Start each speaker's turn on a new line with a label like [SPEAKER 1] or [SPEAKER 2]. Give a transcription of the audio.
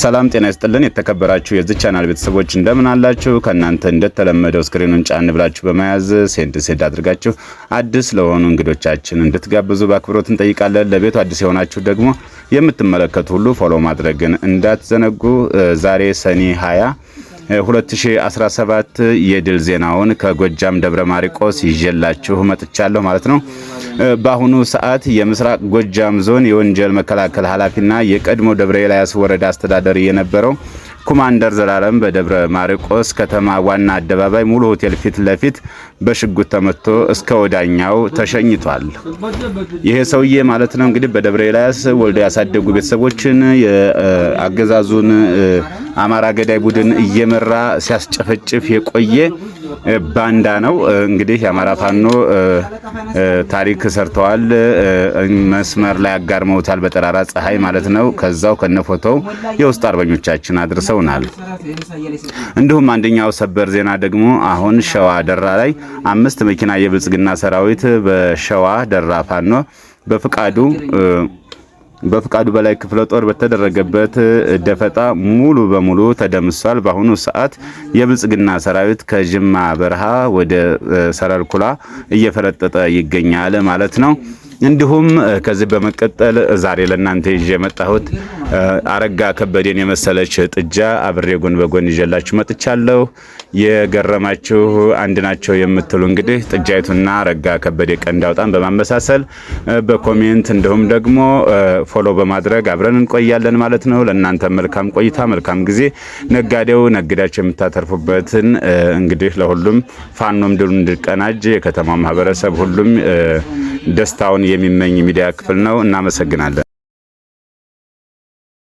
[SPEAKER 1] ሰላም ጤና ይስጥልን። የተከበራችሁ የዚህ ቻናል ቤተሰቦች እንደምን አላችሁ? ከእናንተ እንደተለመደው ስክሪኑን ጫን ብላችሁ በመያዝ ሴንድ ሴድ አድርጋችሁ አዲስ ለሆኑ እንግዶቻችን እንድትጋብዙ በአክብሮት እንጠይቃለን። ለቤቱ አዲስ የሆናችሁ ደግሞ የምትመለከቱ ሁሉ ፎሎ ማድረግን እንዳትዘነጉ። ዛሬ ሰኔ 20 2017 የድል ዜናውን ከጎጃም ደብረ ማርቆስ ይዤላችሁ መጥቻለሁ ማለት ነው። በአሁኑ ሰዓት የምስራቅ ጎጃም ዞን የወንጀል መከላከል ኃላፊና የቀድሞ ደብረ ኤልያስ ወረዳ አስተዳደር የነበረው ኮማንደር ዘላለም በደብረ ማርቆስ ከተማ ዋና አደባባይ ሙሉ ሆቴል ፊት ለፊት በሽጉጥ ተመቶ እስከ ወዳኛው ተሸኝቷል። ይሄ ሰውዬ ማለት ነው እንግዲህ በደብረ ኤልያስ ወልደው ያሳደጉ ቤተሰቦችን የአገዛዙን አማራ ገዳይ ቡድን እየመራ ሲያስጨፈጭፍ የቆየ ባንዳ ነው። እንግዲህ የአማራ ፋኖ ታሪክ ሰርተዋል። መስመር ላይ አጋርመውታል፣ በጠራራ ፀሐይ ማለት ነው። ከዛው ከነፎቶው የውስጥ አርበኞቻችን አድርሰውናል። እንዲሁም አንደኛው ሰበር ዜና ደግሞ አሁን ሸዋ ደራ ላይ አምስት መኪና የብልጽግና ሰራዊት በሸዋ ደራ ፋኖ በፍቃዱ በፍቃዱ በላይ ክፍለ ጦር በተደረገበት ደፈጣ ሙሉ በሙሉ ተደምሷል። በአሁኑ ሰዓት የብልጽግና ሰራዊት ከጅማ በረሃ ወደ ሰረርኩላ እየፈረጠጠ ይገኛል ማለት ነው። እንዲሁም ከዚህ በመቀጠል ዛሬ ለእናንተ ይዤ የመጣሁት አረጋ ከበደን የመሰለች ጥጃ አብሬ ጎን በጎን ይዤላችሁ መጥቻለሁ። የገረማችሁ አንድ ናቸው የምትሉ እንግዲህ ጥጃይቱና አረጋ ከበደ ቀንድ አውጣን በማመሳሰል በኮሜንት እንዲሁም ደግሞ ፎሎ በማድረግ አብረን እንቆያለን ማለት ነው። ለእናንተ መልካም ቆይታ፣ መልካም ጊዜ። ነጋዴው ነግዳቸው የምታተርፉበትን እንግዲህ ለሁሉም ፋኖም ድሉ እንዲቀናጅ የከተማ ማህበረሰብ ሁሉም ደስታውን የሚመኝ ሚዲያ ክፍል ነው። እናመሰግናለን።